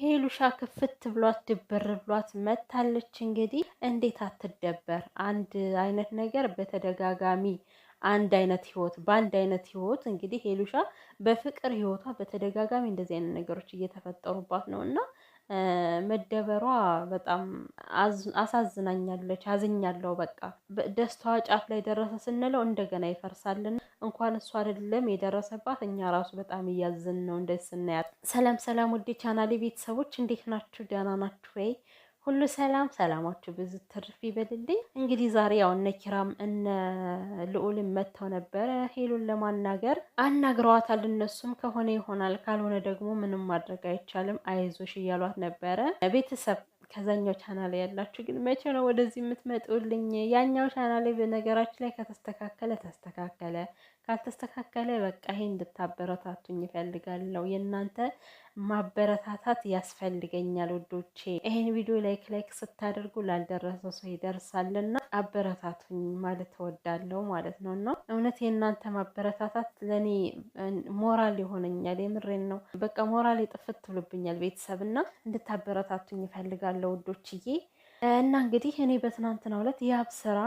ሄሉሻ ክፍት ብሏት ድብር ብሏት መታለች። እንግዲህ እንዴት አትደበር? አንድ አይነት ነገር በተደጋጋሚ አንድ አይነት ህይወት በአንድ አይነት ህይወት እንግዲህ ሄሉሻ በፍቅር ህይወቷ በተደጋጋሚ እንደዚህ አይነት ነገሮች እየተፈጠሩባት ነው እና መደበሯ በጣም አሳዝናኛለች። አዝኛለሁ። በቃ ደስታዋ ጫፍ ላይ ደረሰ ስንለው እንደገና ይፈርሳልና እንኳን እሱ አይደለም የደረሰባት እኛ ራሱ በጣም እያዝን ነው እንደዚህ ስናያት። ሰላም ሰላም፣ ውዴ ቻናሌ ቤተሰቦች እንዴት ናችሁ? ደህና ናችሁ ወይ? ሁሉ ሰላም ሰላማችሁ ብዙ ትርፍ ይበልልኝ። እንግዲህ ዛሬ ያው እነ ኪራም እነ ልዑልም መጥተው ነበረ ሄሉን ለማናገር አናግረዋታል። እነሱም ከሆነ ይሆናል ካልሆነ ደግሞ ምንም ማድረግ አይቻልም አይዞሽ እያሏት ነበረ ቤተሰብ ከዛኛው ቻናል ያላችሁ ግን መቼ ነው ወደዚህ የምትመጡልኝ? ያኛው ቻናል በነገራችን ላይ ከተስተካከለ ተስተካከለ፣ ካልተስተካከለ በቃ ይሄ እንድታበረታቱኝ ይፈልጋለው የእናንተ ማበረታታት ያስፈልገኛል ውዶቼ። ይህን ቪዲዮ ላይክ ላይክ ስታደርጉ ላልደረሰው ሰው ይደርሳልና አበረታቱኝ ማለት እወዳለሁ ማለት ነው። እና እውነት የእናንተ ማበረታታት ለእኔ ሞራል ይሆነኛል። የምሬን ነው። በቃ ሞራል የጥፍት ትብሎብኛል ቤተሰብ እና እንድታበረታቱኝ ይፈልጋለሁ ውዶችዬ። እና እንግዲህ እኔ በትናንትናው ዕለት ያብ ስራ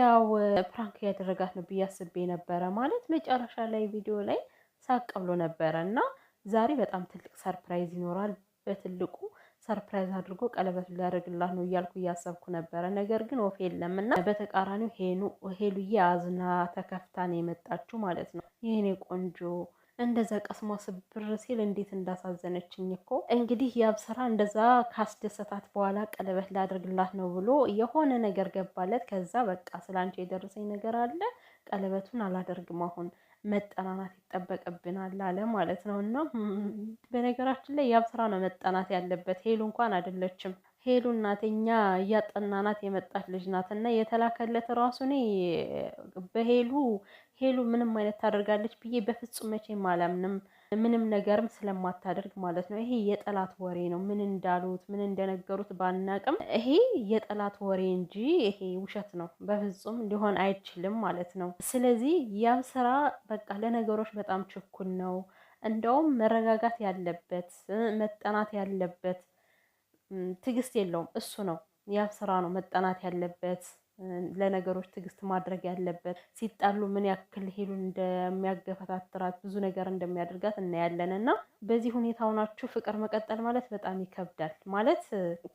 ያው ፕራንክ ያደረጋት ነው ብዬ አስቤ ነበረ ማለት መጨረሻ ላይ ቪዲዮ ላይ ሳቅ ብሎ ነበረ እና ዛሬ በጣም ትልቅ ሰርፕራይዝ ይኖራል። በትልቁ ሰርፕራይዝ አድርጎ ቀለበቱን ሊያደርግላት ነው እያልኩ እያሰብኩ ነበረ። ነገር ግን ወፍ የለም እና በተቃራኒው ሄሉዬ አዝና ተከፍታን የመጣችው ማለት ነው። ይህኔ ቆንጆ እንደዛ ቀስሟ ስብር ሲል እንዴት እንዳሳዘነችኝ እኮ። እንግዲህ ያብ ስራ እንደዛ ካስደሰታት በኋላ ቀለበት ላደርግላት ነው ብሎ የሆነ ነገር ገባለት። ከዛ በቃ ስለ አንቺ የደረሰኝ ነገር አለ ቀለበቱን አላደርግም አሁን መጠናናት ይጠበቅብናል አለ ማለት ነው። እና በነገራችን ላይ የአብስራ ነው መጠናት ያለበት። ሄሉ እንኳን አይደለችም። ሄሉ እናት እኛ እያጠናናት የመጣች ልጅ ናት። እና የተላከለት ራሱ እኔ በሄሉ ሄሉ ምንም አይነት ታደርጋለች ብዬ በፍጹም መቼም አላምንም። ምንም ነገርም ስለማታደርግ ማለት ነው። ይሄ የጠላት ወሬ ነው። ምን እንዳሉት ምን እንደነገሩት ባናቅም ይሄ የጠላት ወሬ እንጂ ይሄ ውሸት ነው፣ በፍጹም ሊሆን አይችልም ማለት ነው። ስለዚህ ያም ስራ በቃ ለነገሮች በጣም ችኩል ነው። እንደውም መረጋጋት ያለበት መጠናት ያለበት ትዕግስት የለውም እሱ ነው። ያም ስራ ነው መጠናት ያለበት ለነገሮች ትዕግስት ማድረግ ያለበት ሲጣሉ ምን ያክል ሄሉን እንደሚያገፈታትራት ብዙ ነገር እንደሚያደርጋት እናያለን። እና በዚህ ሁኔታ ሆናችሁ ፍቅር መቀጠል ማለት በጣም ይከብዳል። ማለት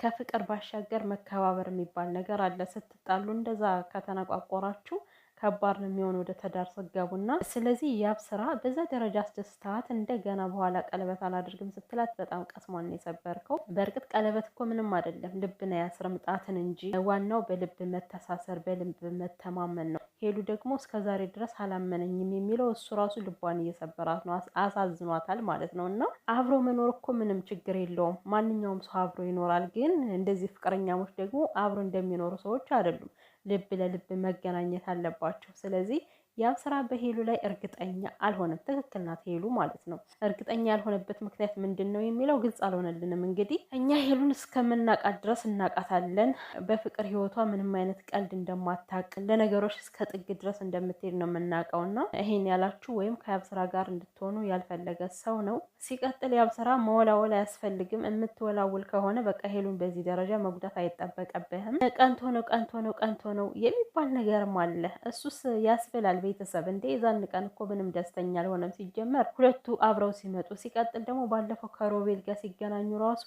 ከፍቅር ባሻገር መከባበር የሚባል ነገር አለ። ስትጣሉ እንደዛ ከተነቋቆራችሁ ከባድ ነው የሚሆን ወደ ትዳር ስገቡና። ስለዚህ ያብ ስራ በዛ ደረጃ አስደስታት እንደገና በኋላ ቀለበት አላደርግም ስትላት በጣም ቀስሟን ነው የሰበርከው። በእርግጥ ቀለበት እኮ ምንም አይደለም፣ ልብን አያስርም ጣትን እንጂ። ዋናው በልብ መተሳሰር፣ በልብ መተማመን ነው። ሄሉ ደግሞ እስከዛሬ ድረስ አላመነኝም የሚለው እሱ ራሱ ልቧን እየሰበራት ነው፣ አሳዝኗታል ማለት ነው። እና አብሮ መኖር እኮ ምንም ችግር የለውም፣ ማንኛውም ሰው አብሮ ይኖራል። ግን እንደዚህ ፍቅረኛሞች ደግሞ አብሮ እንደሚኖሩ ሰዎች አይደሉም። ልብ ለልብ መገናኘት አለባቸው። ስለዚህ ያው ስራ በሄሉ ላይ እርግጠኛ አልሆነም። ትክክል ናት ሄሉ ማለት ነው። እርግጠኛ ያልሆነበት ምክንያት ምንድን ነው የሚለው ግልጽ አልሆነልንም። እንግዲህ እኛ ሄሉን እስከምናቃት ድረስ እናቃታለን። በፍቅር ህይወቷ ምንም አይነት ቀልድ እንደማታቅ ለነገሮች እስከ ጥግ ድረስ እንደምትሄድ ነው የምናውቀው። እና ይሄን ያላችሁ ወይም ከያብስራ ጋር እንድትሆኑ ያልፈለገ ሰው ነው። ሲቀጥል ያብስራ መወላወል አያስፈልግም። የምትወላውል ከሆነ በቃ ሄሉን በዚህ ደረጃ መጉዳት አይጠበቀብህም። ቀንቶ ነው ቀንቶ ነው ቀንቶ ነው የሚባል ነገርም አለ። እሱስ ያስብላል ቤተሰብ እንዴ የዛን ቀን እኮ ምንም ደስተኛ አልሆነም። ሲጀመር ሁለቱ አብረው ሲመጡ፣ ሲቀጥል ደግሞ ባለፈው ከሮቤል ጋር ሲገናኙ ራሱ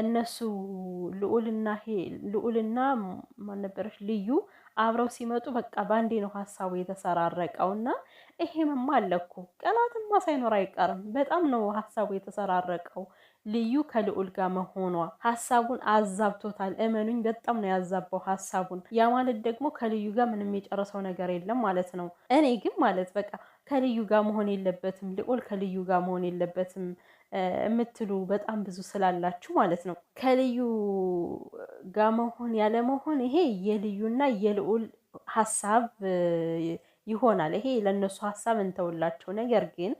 እነሱ ልዑልና ልዑልና ማን ነበረች ልዩ አብረው ሲመጡ በቃ ባንዴ ነው ሀሳቡ የተሰራረቀው። እና ይሄ አለ ቀናትማ ሳይኖር አይቀርም። በጣም ነው ሀሳቡ የተሰራረቀው። ልዩ ከልዑል ጋር መሆኗ ሀሳቡን አዛብቶታል። እመኑኝ በጣም ነው ያዛባው ሀሳቡን። ያ ማለት ደግሞ ከልዩ ጋር ምንም የጨረሰው ነገር የለም ማለት ነው። እኔ ግን ማለት በቃ ከልዩ ጋር መሆን የለበትም ልዑል ከልዩ ጋር መሆን የለበትም የምትሉ በጣም ብዙ ስላላችሁ ማለት ነው። ከልዩ ጋር መሆን ያለ መሆን ይሄ የልዩና የልዑል ሀሳብ ይሆናል። ይሄ ለእነሱ ሀሳብ እንተውላቸው። ነገር ግን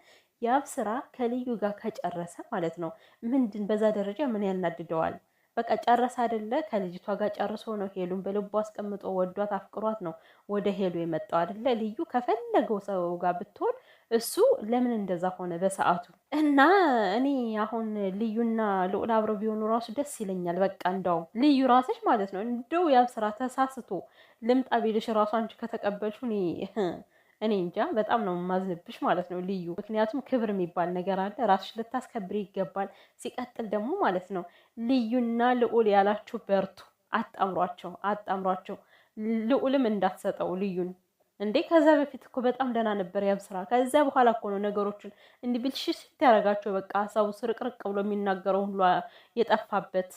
ያብ ስራ ከልዩ ጋር ከጨረሰ ማለት ነው። ምንድን በዛ ደረጃ ምን ያናድደዋል? በቃ ጨረሰ አይደለ? ከልጅቷ ጋር ጨርሶ ነው ሄሉን በልቡ አስቀምጦ ወዷት አፍቅሯት ነው ወደ ሄሉ የመጣው አይደለ? ልዩ ከፈለገው ሰው ጋር ብትሆን እሱ ለምን እንደዛ ሆነ በሰዓቱ? እና እኔ አሁን ልዩና ልዑል አብረው ቢሆኑ ራሱ ደስ ይለኛል። በቃ እንደውም ልዩ ራስሽ ማለት ነው እንደው ያብ ስራ ተሳስቶ ልምጣ ቢልሽ ራሱ አንቺ ከተቀበልሽ እኔ እኔ እንጃ በጣም ነው የማዝንብሽ ማለት ነው ልዩ። ምክንያቱም ክብር የሚባል ነገር አለ፣ ራስሽ ልታስከብር ይገባል። ሲቀጥል ደግሞ ማለት ነው ልዩና ልዑል ያላችሁ በርቱ፣ አጣምሯቸው፣ አጣምሯቸው። ልዑልም እንዳትሰጠው ልዩን እንዴ ከዛ በፊት እኮ በጣም ደህና ነበር ያም ስራ። ከዛ በኋላ እኮ ነው ነገሮችን እንዲህ ብልሽት በቃ ሀሳቡ ስርቅርቅ ብሎ የሚናገረው ሁሉ የጠፋበት